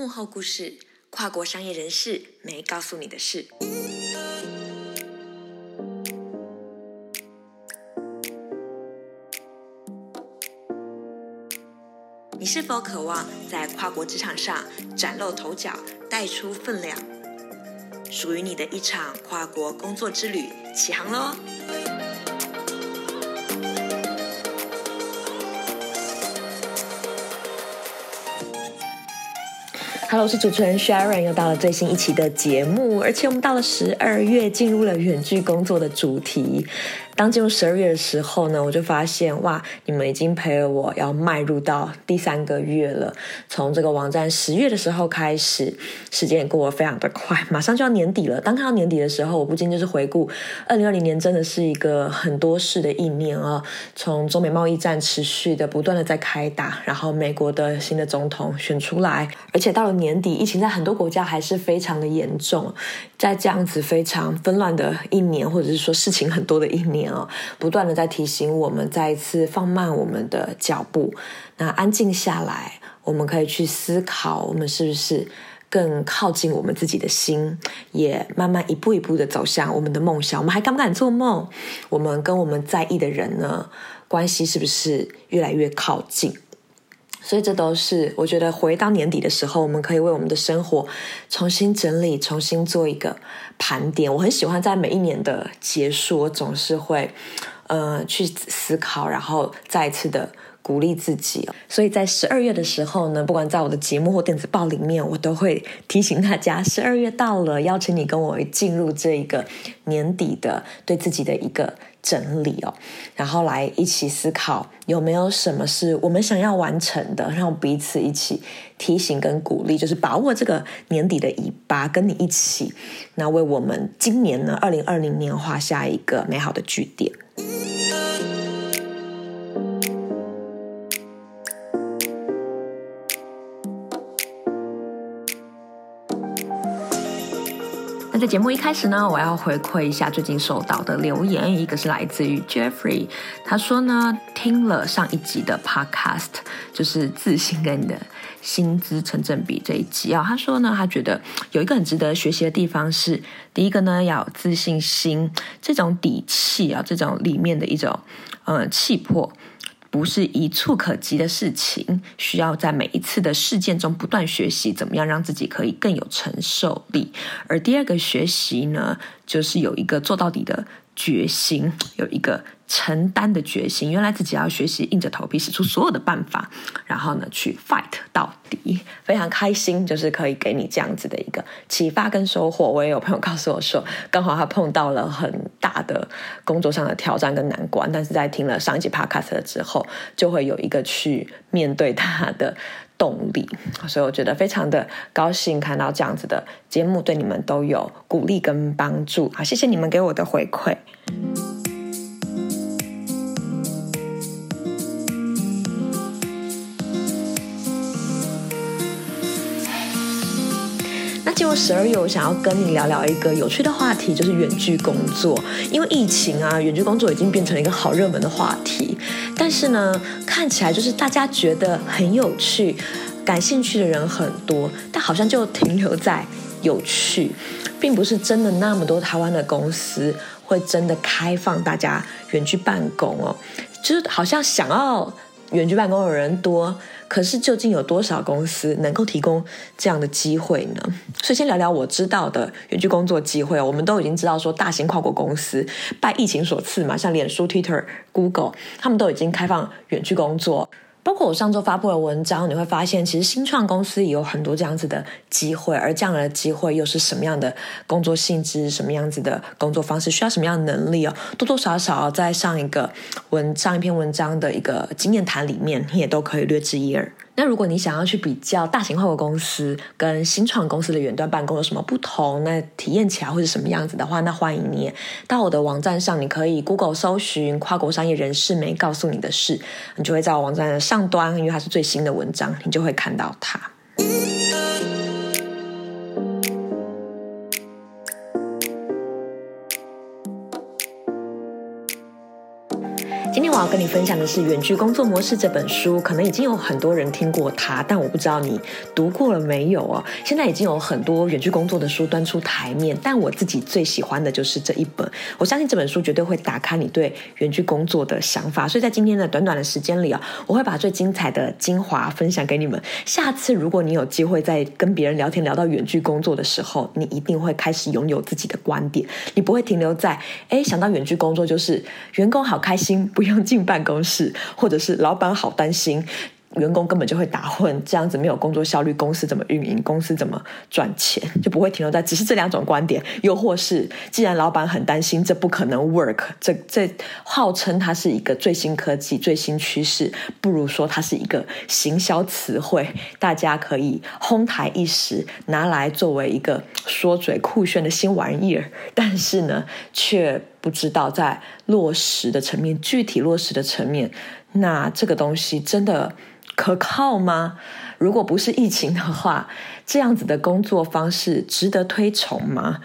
幕後故事，跨國商業人士沒告訴你的事。你是否渴望在跨國職場上嶄露頭角，帶出分量？屬於你的一場跨國工作之旅，起航囉！Hello，我是主持人 Sharon，又到了最新一期的節目，而且我們到了十二月，進入了遠距工作的主題。當進入十二月的時候呢，我就發現哇，你們已經陪了我要邁入到第三個月了。從這個網站十月的時候開始，時間也過得非常的快，馬上就要年底了。當看到年底的時候，我不禁就是回顧，二零二零年真的是一個很多事的一年啊。從中美貿易戰持續的不斷的在開打，然後美國的新的總統選出來，而且到了年底，疫情在很多國家還是非常的嚴重。在這樣子非常紛亂的一年，或者是說事情很多的一年。不斷的在提醒我們，再一次放慢我們的腳步，那安靜下來，我們可以去思考，我們是不是更靠近我們自己的心，也慢慢一步一步的走向我們的夢想。我們還敢不敢做夢？我們跟我們在意的人呢，關係是不是越來越靠近？所以，這都是我覺得回到年底的時候，我們可以為我們的生活重新整理，重新做一個盤點，我很喜歡在每一年的結束，我總是會，呃，去思考，然後再一次的。鼓勵自己哦，所以在十二月的時候呢，不管在我的節目或電子報裡面，我都會提醒大家，十二月到了，邀請你跟我進入這一個年底的對自己的一個整理哦，然後來一起思考有沒有什麼是我們想要完成的，讓彼此一起提醒跟鼓勵，就是把握這個年底的尾巴，跟你一起，那為我們今年呢，二零二零年畫下一個美好的句點。在、這個、節目一開始呢，我要回饋一下最近收到的留言。一個是來自於 Jeffrey，他說呢，聽了上一集的 Podcast，就是自信跟你的薪資成正比這一集啊、哦。他說呢，他覺得有一個很值得學習的地方是，第一個呢，要有自信心，這種底氣啊、哦，這種裡面的一種，呃、嗯、氣魄。不是一蹴可及的事情，需要在每一次的事件中不斷學習，怎麼樣讓自己可以更有承受力。而第二個學習呢，就是有一個做到底的決心，有一個。承擔的決心，原來自己要學習，硬着頭皮，使出所有的辦法，然後呢，去 fight 到底，非常開心，就是可以給你這樣子的一個啟發跟收穫。我也有朋友告訴我說，剛好他碰到了很大的工作上的挑戰跟難關，但是在聽了上一集 podcast 之後，就會有一個去面對他的動力。所以我覺得非常的高興，看到這樣子的節目對你們都有鼓勵跟幫助。好，謝謝你們給我的回饋。 那今天十二月，我想要跟你聊聊一個有趣的話題，就是遠距工作。因為疫情啊，遠距工作已經變成了一個好熱門的話題。但是呢，看起來就是大家覺得很有趣，感興趣的人很多，但好像就停留在有趣，並不是真的那麼多台灣的公司會真的開放大家遠距辦公哦。就是好像想要遠距辦公的人多。可是，究竟有多少公司能夠提供這樣的機會呢？所以，先聊聊我知道的遠距工作機會哦，我們都已經知道，說大型跨國公司拜疫情所賜嘛，像臉書、Twitter、Google，他們都已經開放遠距工作。包括我上周發布的文章，你會發現其實新創公司也有很多這樣子的機會，而這樣的機會又是什麼樣的工作性質、什麼樣子的工作方式、需要什麼樣的能力哦，多多少少在上一個文、上一篇文章的一個經驗談裡面，你也都可以略知一二。那如果你想要去比較大型跨國公司跟新創公司的遠端辦公有什麼不同，那體驗起來會是什麼樣子的話，那歡迎你到我的網站上，你可以 Google 搜尋跨國商業人士沒告訴你的事，你就會在我網站的上端，因為它是最新的文章，你就會看到它。分享的是《遠距工作模式》這本書，可能已經有很多人聽過它，但我不知道你讀過了沒有哦。現在已經有很多遠距工作的書端出台面，但我自己最喜歡的就是這一本。我相信這本書絕對會打開你對遠距工作的想法。所以在今天的短短的時間裡啊、哦，我會把最精彩的精華分享給你們。下次如果你有機會再跟別人聊天聊到遠距工作的時候，你一定會開始擁有自己的觀點，你不會停留在哎想到遠距工作就是員工好開心，不用進辦辦公室，或者是老闆好擔心員工根本就會打混，這樣子沒有工作效率，公司怎麼運營？公司怎麼賺錢？就不會停留在只是這兩種觀點，又或是既然老闆很擔心，這不可能 work，這這號稱它是一個最新科技、最新趨勢，不如說它是一個行銷詞彙，大家可以哄抬一時，拿來作為一個說嘴酷炫的新玩意兒，但是呢，卻。不知道在落實的層面，具體落實的層面，那這個東西真的可靠嗎？如果不是疫情的話，這樣子的工作方式值得推崇嗎？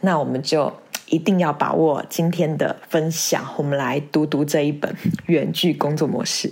那我們就一定要把握今天的分享，我們來讀讀這一本《遠距工作模式》。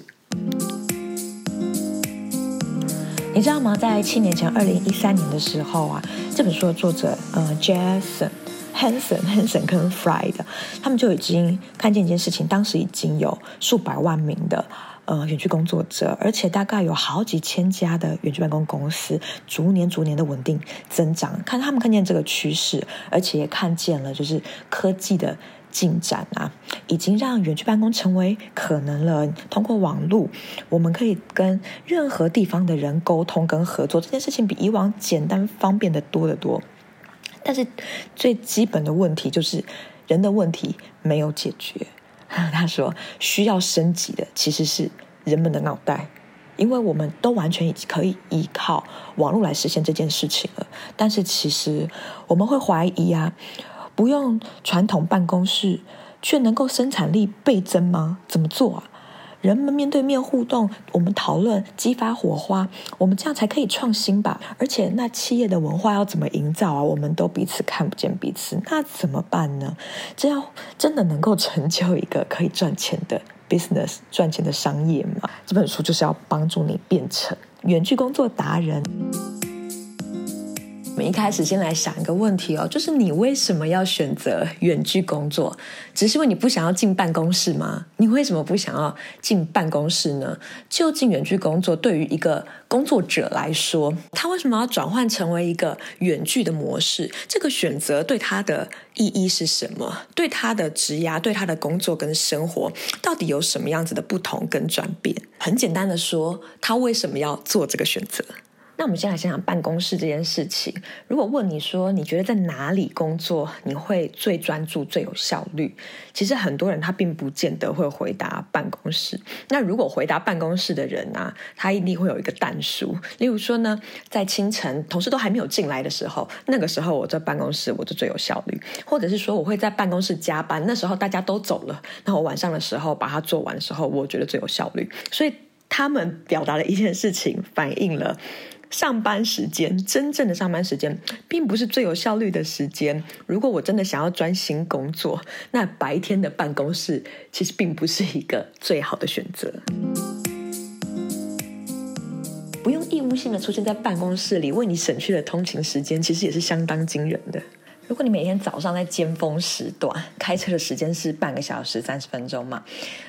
你知道嗎？在七年前，二零一三年的時候啊，這本書的作者，呃，Jason Hansen、Hansen 跟 Fried，他們就已經看見一件事情，當時已經有數百萬名的呃遠距工作者，而且大概有好幾千家的遠距辦公公司，逐年、逐年的穩定增長。看他們看見這個趨勢，而且也看見了就是科技的進展啊，已經讓遠距辦公成為可能了。通過網絡，我們可以跟任何地方的人溝通跟合作，這件事情比以往簡單方便得多得多。但是最基本的問題就是人的問題沒有解決。他說，需要升級的其實是人們的腦袋，因為我們都完全可以依靠網絡來實現這件事情了。但是其實我們會懷疑啊，不用傳統辦公室，卻能夠生產力倍增嗎？怎麼做啊？人們面對面互動，我們討論，激發火花，我們這樣才可以創新吧。而且，那企業的文化要怎麼營造啊？我們都彼此看不見彼此，那怎麼辦呢？這樣真的能夠成就一個可以賺錢的 business，賺錢的商業嗎？這本書就是要幫助你變成遠距工作達人。我們一開始先來想一個問題哦，就是你為什麼要選擇遠距工作？只是因為你不想要進辦公室嗎？你為什麼不想要進辦公室呢？就近遠距工作，對於一個工作者來說，他為什麼要轉換成為一個遠距的模式？這個選擇對他的意義是什麼？對他的職涯、對他的工作跟生活，到底有什麼樣子的不同跟轉變？很簡單的說，他為什麼要做這個選擇？那我們先來想想辦公室這件事情，如果問你說，你覺得在哪裡工作你會最專注最有效率？其實很多人他並不見得會回答辦公室。那如果回答辦公室的人啊，他一定會有一個但書。例如說呢，在清晨同事都還沒有進來的時候，那個時候我在辦公室我就最有效率，或者是說我會在辦公室加班，那時候大家都走了，那我晚上的時候把它做完的時候，我覺得最有效率。所以他們表達了一件事情，反映了。上班時間，真正的上班時間，並不是最有效率的時間。如果我真的想要專心工作，那白天的辦公室其實並不是一個最好的選擇。不用義務性的出現在辦公室裡，為你省去的通勤時間，其實也是相當驚人的。如果你每天早上在尖峰時段，開車的時間是半個小時三十分鐘嘛，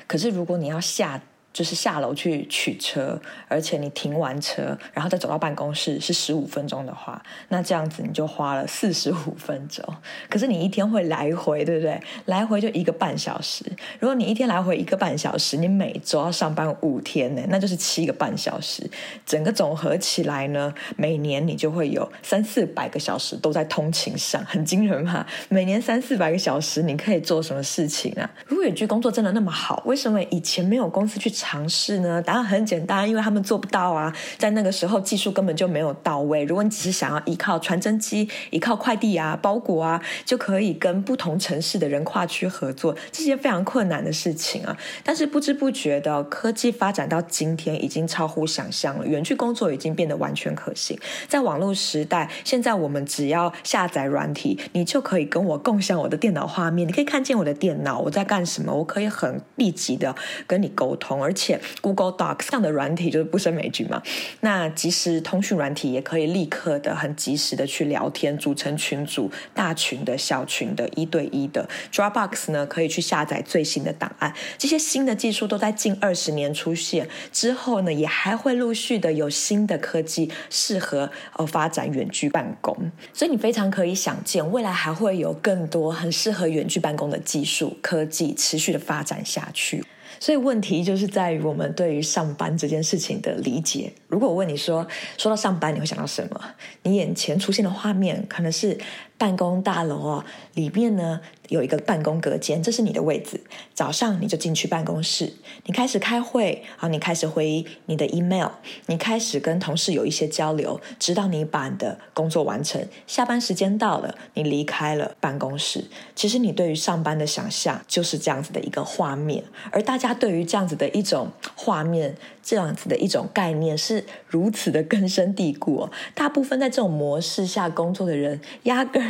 可是如果你要下。就是下樓去取車，而且你停完車，然後再走到辦公室是十五分鐘的話，那這樣子你就花了四十五分鐘。可是你一天會來回，對不對？來回就一個半小時。如果你一天來回一個半小時，你每週要上班五天呢，那就是七個半小時。整個總合起來呢，每年你就會有三四百個小時都在通勤上，很驚人嘛！每年三四百個小時，你可以做什麼事情啊？如果遠距工作真的那麼好，為什麼以前沒有公司去嘗試呢？答案很簡單，因為他們做不到啊。在那個時候，技術根本就沒有到位。如果你只是想要依靠傳真機、依靠快遞啊、包裹啊，就可以跟不同城市的人跨區合作，這是件非常困難的事情啊。但是不知不覺的，科技發展到今天，已經超乎想象了。遠距工作已經變得完全可行。在網絡時代，現在我們只要下載軟體，你就可以跟我共享我的電腦畫面，你可以看見我的電腦我在幹什麼，我可以很立即的跟你溝通。而且 Google Docs 上的軟體就是不生霉菌嘛，那即時通訊軟體也可以立刻的、很及時的去聊天，組成群組、大群的、小群的、一對一的。Dropbox 呢可以去下載最新的檔案，這些新的技術都在近二十年出現之後呢，也還會陸續的有新的科技適合呃發展遠距辦公，所以你非常可以想見，未來還會有更多很適合遠距辦公的技術科技持續的發展下去。所以問題就是在於我們對於上班這件事情的理解。如果我問你說，說到上班你會想到什麼？你眼前出現的畫面可能是。辦公大樓哦，裡面呢有一個辦公隔間，這是你的位置。早上你就進去辦公室，你開始開會啊，然後你開始回你的 email，你開始跟同事有一些交流，直到你把你的工作完成。下班時間到了，你離開了辦公室。其實你對於上班的想象就是這樣子的一個畫面，而大家對於這樣子的一種畫面，這樣子的一種概念是如此的根深蒂固哦，大部分在這種模式下工作的人，壓根。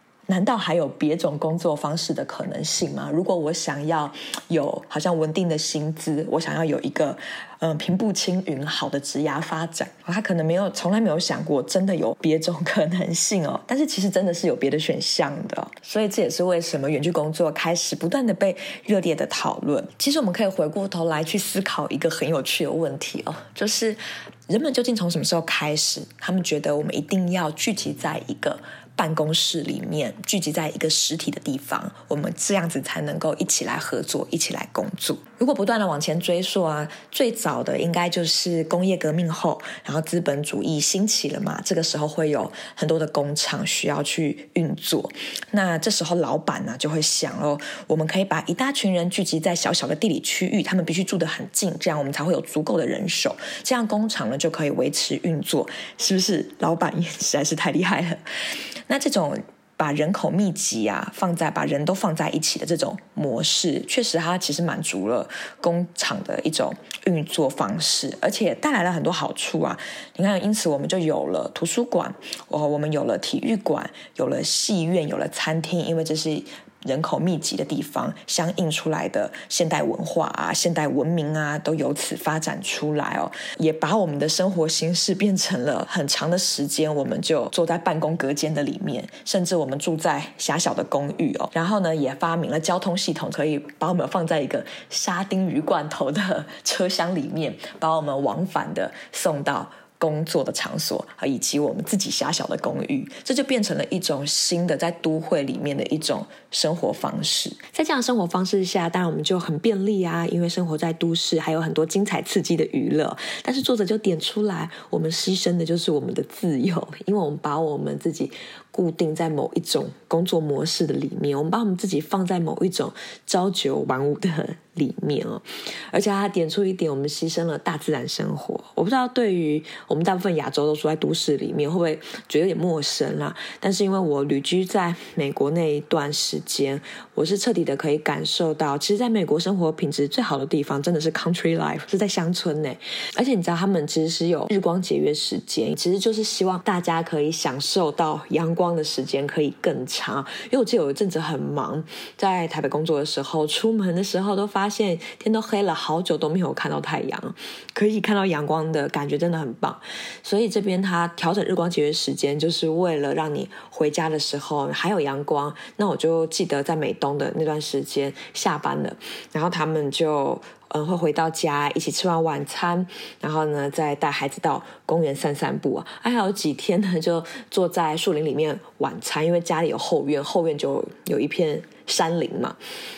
難道還有別種工作方式的可能性嗎？如果我想要有好像穩定的薪資，我想要有一個嗯平步青雲好的職涯發展，他可能沒有從來沒有想過真的有別種可能性哦。但是其實真的是有別的選項的哦。所以這也是為什麼遠距工作開始不斷的被熱烈的討論。其實我們可以回過頭來去思考一個很有趣的問題哦，就是人們究竟從什麼時候開始，他們覺得我們一定要聚集在一個辦公室裡面，聚集在一個實體的地方，我們這樣子才能夠一起來合作，一起來工作。如果不斷的往前追溯啊，最早的應該就是工業革命後，然後資本主義興起了嘛。這個時候會有很多的工廠需要去運作，那這時候老闆呢，啊，就會想哦，我們可以把一大群人聚集在小小的地理區域，他們必須住得很近，這樣我們才會有足夠的人手，這樣工廠呢就可以維持運作，是不是？老闆也實在是太厲害了。那這種把人口密集啊放在，把人都放在一起的這種模式，確實它其實滿足了工廠的一種運作方式，而且帶來了很多好處啊！你看，因此我們就有了圖書館，哦，我們有了體育館，有了戲院，有了餐廳，因為這是，人口密集的地方，相應出來的現代文化啊，現代文明啊，都由此發展出來哦。也把我們的生活形式變成了很長的時間，我們就坐在辦公隔間的裡面，甚至我們住在狹小的公寓哦。然後呢，也發明了交通系統，可以把我們放在一個沙丁魚罐頭的車廂裡面，把我們往返的送到。工作的場所以及我們自己狹小的公寓，這就變成了一種新的在都會裡面的一種生活方式。在這樣的生活方式下，當然我們就很便利啊，因為生活在都市還有很多精彩刺激的娛樂。但是作者就點出來，我們犧牲的就是我們的自由，因為我們把我們自己。固定在某一種工作模式的裡面，我們把我們自己放在某一種朝九晚五的裡面哦，而且他點出一點，我們犧牲了大自然生活。我不知道對於我們大部分亞洲都住在都市裡面，會不會覺得有點陌生啊？但是因為我旅居在美國那一段時間，我是徹底的可以感受到，其實在美國生活品質最好的地方真的是 country life，是在鄉村內。而且你知道，他們其實是有日光節約時間，其實就是希望大家可以享受到陽光。光的時間可以更長，因為我記得有一陣子很忙，在台北工作的時候，出門的時候都發現天都黑了，好久都沒有看到太陽，可以看到陽光的感覺真的很棒。所以這邊它調整日光節約時間，就是為了讓你回家的時候還有陽光。那我就記得在美東的那段時間下班了，然後他們就。嗯，會回到家一起吃完晚餐，然後呢，再帶孩子到公園散散步啊，啊。還有幾天呢，就坐在樹林裡面晚餐，因為家裡有後院，後院就有一片，山林嘛，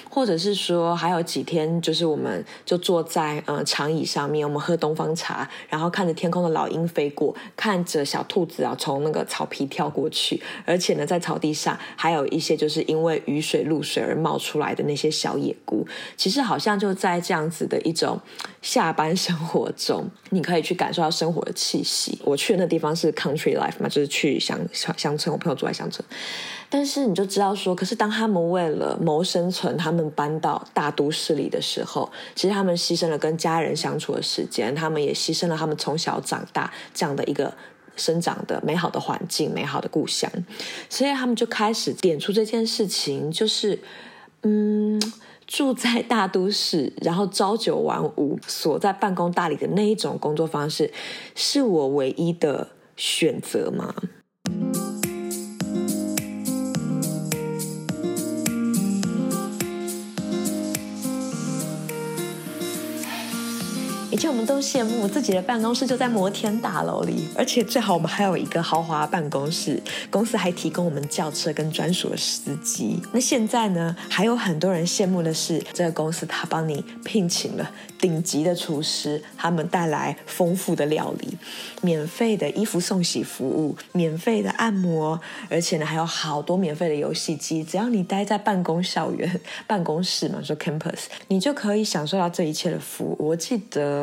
或者是說，還有幾天，就是我們就坐在呃長椅上面，我們喝東方茶，然後看着天空的老鷹飛過，看着小兔子啊從那個草皮跳過去，而且呢在草地上還有一些就是因為雨水露水而冒出來的那些小野菇。其實好像就在這樣子的一種下班生活中，你可以去感受到生活的氣息。我去的那地方是 country life 嘛，就是去鄉鄉村，我朋友住在鄉村，但是你就知道說，可是當他們為了謀生存，他們搬到大都市裡的時候，其實他們犧牲了跟家人相處的時間，他們也犧牲了他們從小長大這樣的一個生長的美好的環境、美好的故鄉。所以他們就開始點出這件事情，就是嗯，住在大都市，然後朝九晚五，鎖在辦公大樓裡的那一種工作方式，是我唯一的選擇嗎？以前我們都羨慕自己的辦公室就在摩天大樓裡，而且最好我們還有一個豪華的辦公室，公司還提供我們轎車跟專屬的司機。那現在呢，還有很多人羨慕的是，這個公司它幫你聘請了頂級的廚師，他們帶來豐富的料理，免費的衣服送洗服務，免費的按摩，而且呢還有好多免費的遊戲機。只要你待在辦公校園辦公室嘛，說、就是、campus，你就可以享受到這一切的服務。我記得。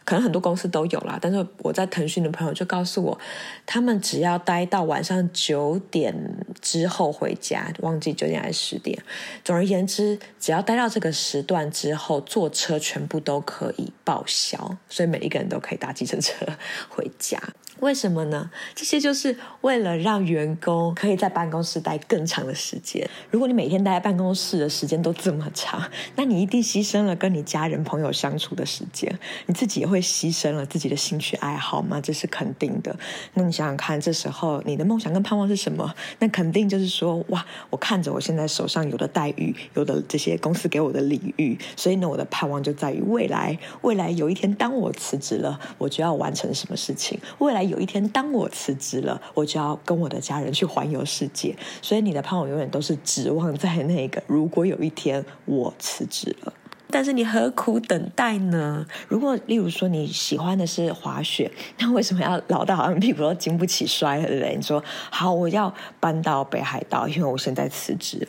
可能很多公司都有啦，但是我在騰訊的朋友就告訴我，他們只要待到晚上九點之後回家，忘記九點還是十點。總而言之，只要待到這個時段之後，坐車全部都可以報銷，所以每一個人都可以搭計程車回家。為什麼呢？這些就是為了讓員工可以在辦公室待更長的時間。如果你每天待在辦公室的時間都這麼長，那你一定犧牲了跟你家人朋友相處的時間，你自己也會。犧牲了自己的興趣愛好嗎？這是肯定的。那你想想看，這時候你的夢想跟盼望是什麼？那肯定就是說，哇，我看着我現在手上有的待遇，有的這些公司給我的禮遇，所以呢，我的盼望就在於未來。未來有一天，當我辭職了，我就要完成什麼事情？未來有一天，當我辭職了，我就要跟我的家人去環遊世界。所以，你的盼望永遠都是指望在那個，如果有一天我辭職了。.但是你何苦等待呢？如果例如說你喜歡的是滑雪，那為什麼要老到好像屁股都經不起摔了嘞？你說好，我要搬到北海道，因為我現在辭職了，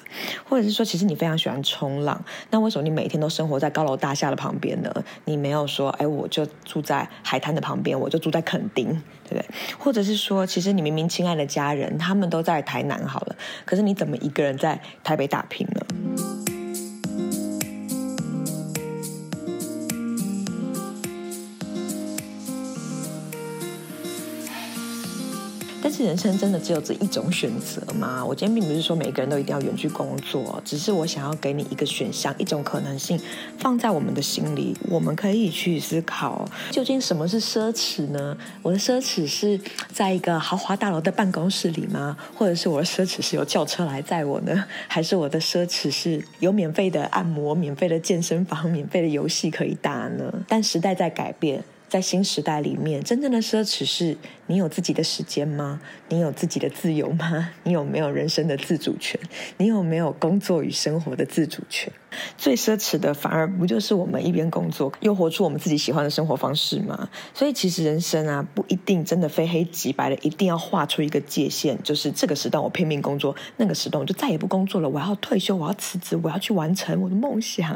或者是說，其實你非常喜歡衝浪，那為什麼你每天都生活在高樓大廈的旁邊呢？你沒有說，哎，我就住在海灘的旁邊，我就住在墾丁，對不對？或者是說，其實你明明親愛的家人他們都在台南好了，可是你怎麼一個人在台北打拼呢？但是人生真的只有這一種選擇嗎？我今天並不是說每個人都一定要遠距工作，只是我想要給你一個選項，一種可能性，放在我們的心裡，我們可以去思考，究竟什麼是奢侈呢？我的奢侈是在一個豪華大樓的辦公室裡嗎？或者是我的奢侈是由轎車來載我呢？還是我的奢侈是有免費的按摩、免費的健身房、免費的遊戲可以打呢？但時代在改變。在新時代裡面，真正的奢侈是你有自己的時間嗎？你有自己的自由嗎？你有沒有人生的自主權？你有沒有工作與生活的自主權？最奢侈的反而不就是我們一邊工作，又活出我們自己喜歡的生活方式嗎？所以，其實人生啊，不一定真的非黑即白的，一定要畫出一個界限，就是這個時段我拼命工作，那個時段我就再也不工作了。我要退休，我要辭職，我要去完成我的夢想。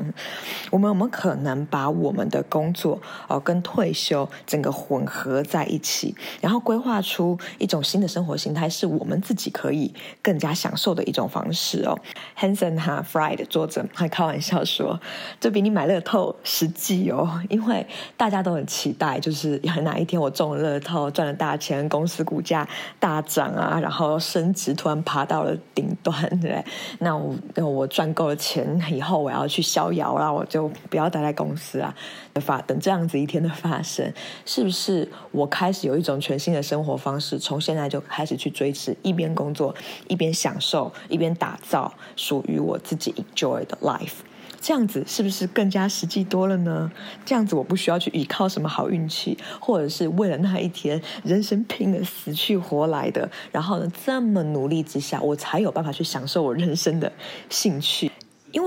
我們有沒有可能把我們的工作啊，呃，跟退休，就整個混合在一起，然後規劃出一種新的生活形態，是我們自己可以更加享受的一種方式哦。Hanson 和 Fried 作者還開玩笑說，就比你買樂透實際哦，因為大家都很期待，就是有哪一天我中了樂透，賺了大錢，公司股價大漲啊，然後升職，突然爬到了頂端，對，那我賺夠了錢以後，我要去逍遙啊，我就不要待在公司啊。發等這樣子一天的發生，是不是我開始有一種全新的生活方式？從現在就開始去追持，一邊工作，一邊享受，一邊打造屬於我自己 enjoy 的 life。這樣子是不是更加實際多了呢？這樣子我不需要去依靠什麼好運氣，或者是為了那一天人生拼得死去活來的，然後呢這麼努力之下，我才有辦法去享受我人生的興趣。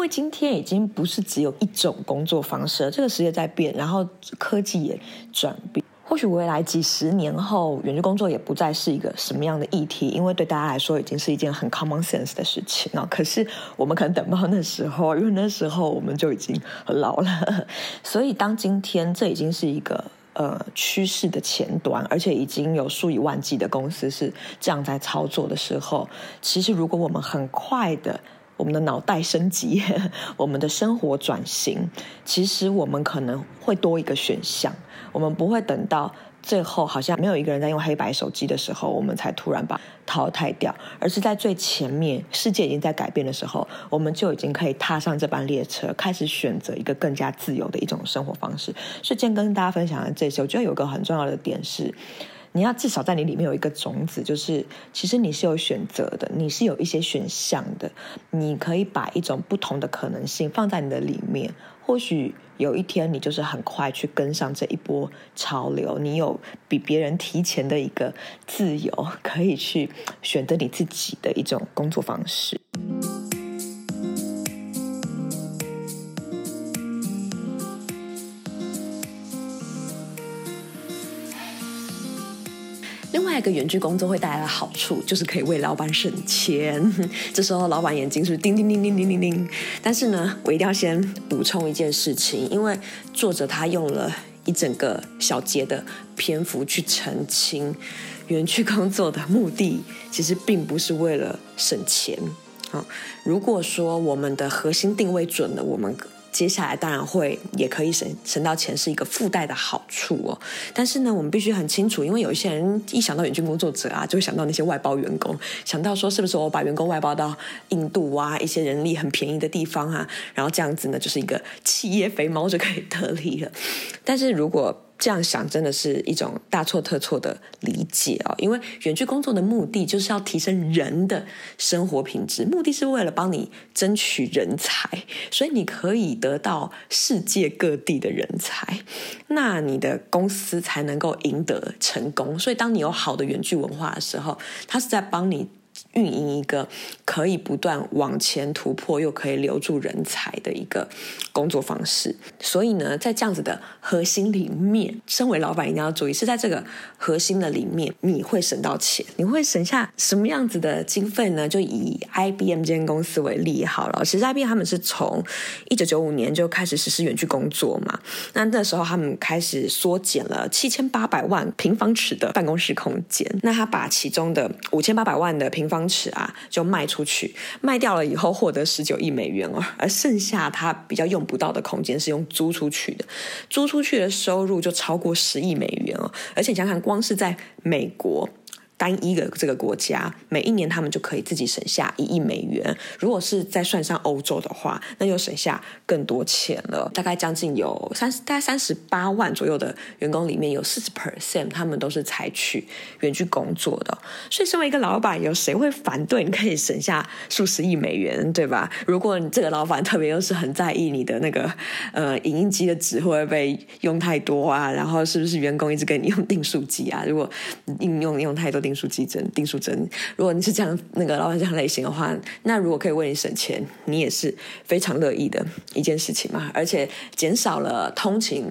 今天已經不是只有一種工作方式了，這個世界在變，然後科技也轉變。或許未來幾十年後，遠距工作也不再是一個什麼樣的議題，因為對大家來說已經是一件很 common sense 的事情了。可是我們可能等到那時候，因為那時候我們就已經很老了。所以當今天這已經是一個呃趨勢的前端，而且已經有數以萬計的公司是這樣在操作的時候，其實如果我們很快的。我們的腦袋升級，我們的生活轉型，其實我們可能會多一個選項。我們不會等到最後好像沒有一個人在用黑白手機的時候，我們才突然把淘汰掉，而是在最前面，世界已經在改變的時候，我們就已經可以踏上這班列車，開始選擇一個更加自由的一種生活方式。所以今天跟大家分享的這些，我覺得有個很重要的點是。你要至少在你裡面有一個種子，就是其實你是有選擇的，你是有一些選項的，你可以把一種不同的可能性放在你的裡面。或許有一天你就是很快去跟上這一波潮流，你有比別人提前的一個自由，可以去選擇你自己的一種工作方式。另外一個遠距工作會帶來的好處，就是可以為老板省錢。這時候老板眼睛是不是叮叮叮叮叮叮叮？但是呢，我一定要先補充一件事情，因為作者他用了一整個小節的篇幅去澄清，遠距工作的目的其實並不是為了省錢。好，哦，如果說我們的核心定位準了，我們。接下來當然會也可以省省到錢，是一個附帶的好處哦。但是呢，我們必須很清楚，因為有一些人一想到遠距工作者啊，就會想到那些外包員工，想到說是不是我把員工外包到印度啊，一些人力很便宜的地方啊，然後這樣子呢，就是一個企業肥貓就可以得利了。但是如果這樣想真的是一種大錯特錯的理解啊！因為遠距工作的目的就是要提升人的生活品質，目的是為了幫你爭取人才，所以你可以得到世界各地的人才，那你的公司才能夠贏得成功。所以，當你有好的遠距文化的時候，它是在幫你運營一個可以不斷往前突破又可以留住人才的一個工作方式，所以呢，在這樣子的核心裡面，身為老闆一定要注意，是在這個核心的裡面，你會省到錢，你會省下什麼樣子的經費呢？就以 IBM 這間公司為例好了，其實 IBM 他們是從一九九五年就開始實施遠距工作嘛，那那時候他們開始縮減了七千八百萬平方尺的辦公室空間，那他把其中的五千八百萬的平方尺啊，就賣出去，賣掉了以後獲得十九億美元哦，而剩下它比較用不到的空間是用租出去的，租出去的收入就超過十億美元哦，而且你想想光是在美國。單一的這個國家，每一年他們就可以自己省下一億美元。如果是再算上歐洲的話，那就省下更多錢了。大概將近有三，大概三十八萬左右的員工裡面有40，有四十 percent 他們都是採取遠距工作的。所以，身為一個老闆，有誰會反對？你可以省下數十億美元，對吧？如果你這個老闆特別又是很在意你的那個呃，影印機的紙會不會被用太多啊？然後，是不是員工一直給你用訂書機啊？如果應用用太多訂定數機針，定數針，如果你是這樣那個老闆這樣類型的話，那如果可以為你省錢，你也是非常樂意的一件事情嘛。而且減少了通勤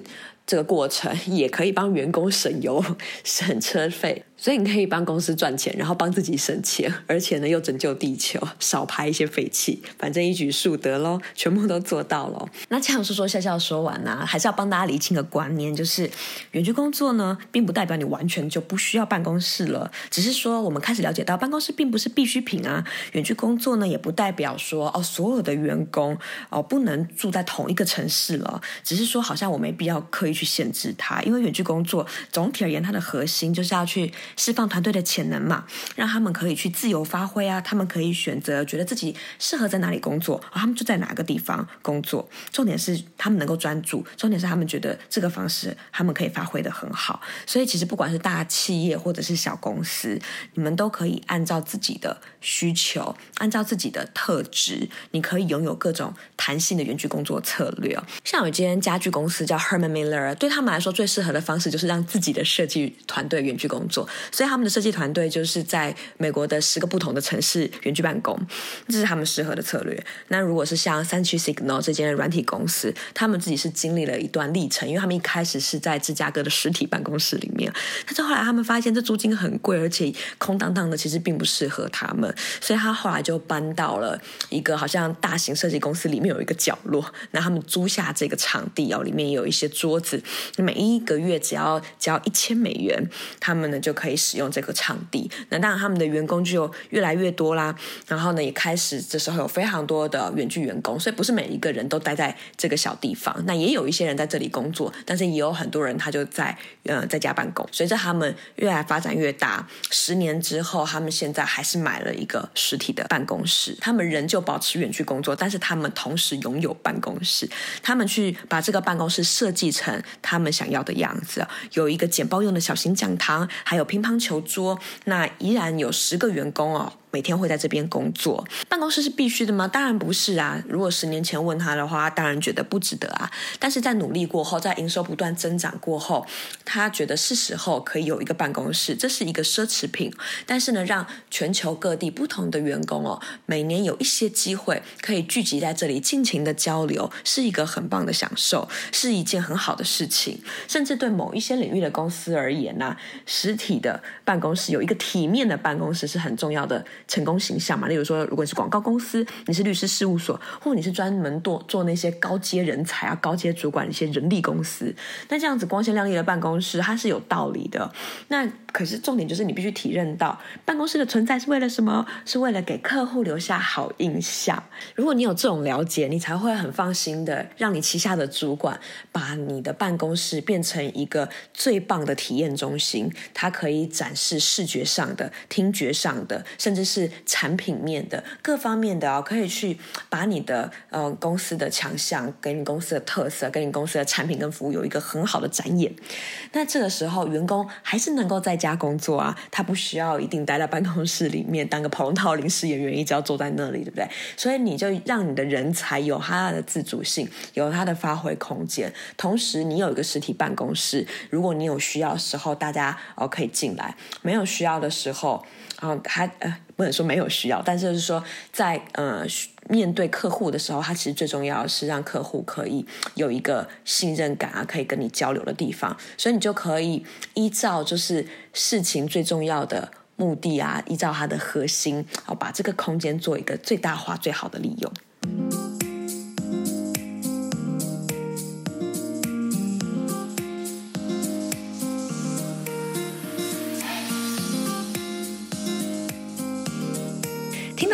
這個過程，也可以幫員工省油、省車費。所以你可以幫公司賺錢，然後幫自己省錢，而且呢又拯救地球，少排一些廢氣，反正一舉數得嘍，全部都做到囉。那這樣說說笑笑說完啦、啊，還是要幫大家釐清個觀念，就是遠距工作呢，並不代表你完全就不需要辦公室了，只是說我們開始了解到辦公室並不是必需品啊。遠距工作呢，也不代表說哦所有的員工哦不能住在同一個城市了，只是說好像我沒必要刻意去限制它，因為遠距工作總體而言它的核心就是要去。釋放團隊的潛能嘛，讓他們可以去自由發揮啊！他們可以選擇覺得自己適合在哪裡工作，哦，他們就在哪個地方工作。重點是他們能夠專注，重點是他們覺得這個方式他們可以發揮得很好。所以，其實不管是大企業或者是小公司，你們都可以按照自己的需求，按照自己的特質，你可以擁有各種彈性的遠距工作策略哦。像有一間家具公司叫 Herman Miller，對他們來說最適合的方式就是讓自己的設計團隊遠距工作。所以他們的設計團隊就是在美國的十個不同的城市遠距辦公，這是他們適合的策略。那如果是像三七 Signal 這間軟體公司，他們自己是經歷了一段歷程，因為他們一開始是在芝加哥的實體辦公室裡面，但是後來他們發現這租金很貴，而且空蕩蕩的，其實並不適合他們，所以他後來就搬到了一個好像大型設計公司裡面有一個角落，那他們租下這個場地哦，裡面有一些桌子，每一個月只要交一千美元，他們呢就可以。可以使用這個場地，那當然他們的員工就越來越多啦。然後呢，也開始這時候有非常多的遠距員工，所以不是每一個人都待在這個小地方。那也有一些人在這裡工作，但是也有很多人他就在呃在家辦公。隨着他們越來發展越大，十年之後，他們現在還是買了一個實體的辦公室，他們仍舊保持遠距工作，但是他們同時擁有辦公室，他們去把這個辦公室設計成他們想要的樣子，有一個簡報用的小型講堂，還有拼乒乓球桌，那依然有十個員工哦，每天會在這邊工作，辦公室是必須的嗎？當然不是啊！如果十年前問他的話，當然覺得不值得啊。但是在努力過後，在營收不斷增長過後，他覺得是時候可以有一個辦公室，這是一個奢侈品。但是呢，讓全球各地不同的員工哦，每年有一些機會可以聚集在這裡，盡情的交流，是一個很棒的享受，是一件很好的事情。甚至對某一些領域的公司而言呢，實體的辦公室有一個體面的辦公室是很重要的。成功形象嘛，例如說，如果你是廣告公司，你是律師事務所，或者你是專門做做那些高階人才啊、高階主管一些人力公司，那這樣子光鮮亮麗的辦公室，它是有道理的。那。可是重點就是你必須體認到辦公室的存在是為了什麼？是為了給客戶留下好印象。如果你有這種了解，你才會很放心的讓你旗下的主管把你的辦公室變成一個最棒的體驗中心。它可以展示視覺上的、聽覺上的，甚至是產品面的各方面的、哦、可以去把你的呃公司的強項、跟你公司的特色、跟你公司的產品跟服務有一個很好的展演。那這個時候，員工還是能夠在。加工作啊，他不需要一定待在辦公室裡面當個跑龍套臨時演員，一直要坐在那裡，對不對？所以你就讓你的人才有他的自主性，有他的發揮空間。同時，你有一個實體辦公室，如果你有需要的時候，大家哦可以進來；沒有需要的時候，啊還呃,呃不能說沒有需要，但是就是說在嗯。呃面對客戶的時候，他其實最重要的是讓客戶可以有一個信任感啊，可以跟你交流的地方，所以你就可以依照就是事情最重要的目的啊，依照它的核心，好把這個空間做一個最大化、最好的利用。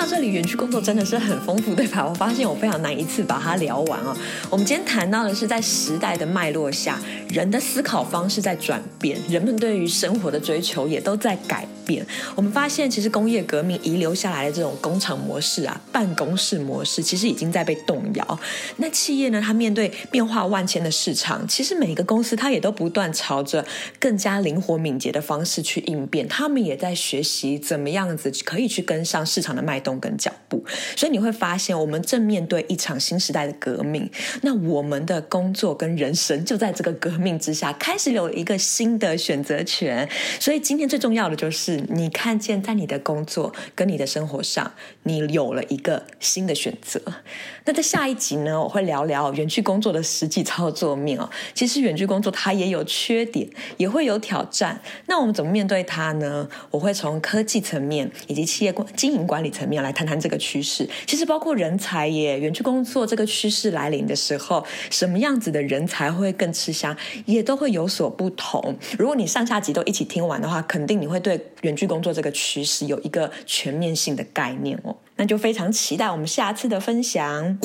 這裡遠距工作真的是很豐富，對吧？我發現我非常難一次把它聊完啊、哦。我們今天談到的是，在時代的脈絡下，人的思考方式在轉變，人們對於生活的追求也都在改變。我們發現，其實工業革命遺留下來的這種工廠模式啊、辦公室模式，其實已經在被動搖。那企業呢，它面對變化萬千的市場，其實每個公司它也都不斷朝着更加靈活敏捷的方式去應變。他們也在學習怎麼樣子可以去跟上市場的脈動。跟腳步，所以你會發現，我們正面對一場新時代的革命。那我們的工作跟人生就在這個革命之下，開始有一個新的選擇權。所以今天最重要的就是，你看見在你的工作跟你的生活上，你有了一個新的選擇。那在下一集呢，我會聊聊遠距工作的實際操作面哦。其實遠距工作它也有缺點，也會有挑戰。那我們怎麼面對它呢？我會從科技層面以及企業管經營管理層面。來談談這個趨勢，其實包括人才耶，遠距工作這個趨勢來臨的時候，什麼樣子的人才會更吃香，也都會有所不同。如果你上下集都一起聽完的話，肯定你會對遠距工作這個趨勢有一個全面性的概念哦，那就非常期待我們下次的分享。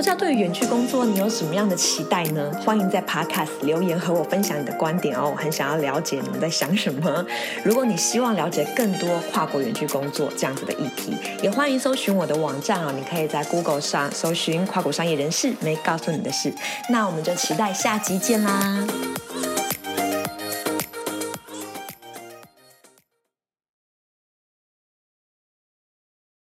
不知道對於遠距工作，你有什麼樣的期待呢？歡迎在 Podcast 留言和我分享你的觀點哦，我很想要了解你們在想什麼。如果你希望了解更多跨國遠距工作這樣子的議題，也歡迎搜尋我的網站哦。你可以在 Google 上搜尋“跨國商業人士沒告訴你的事”。那我們就期待下集見啦。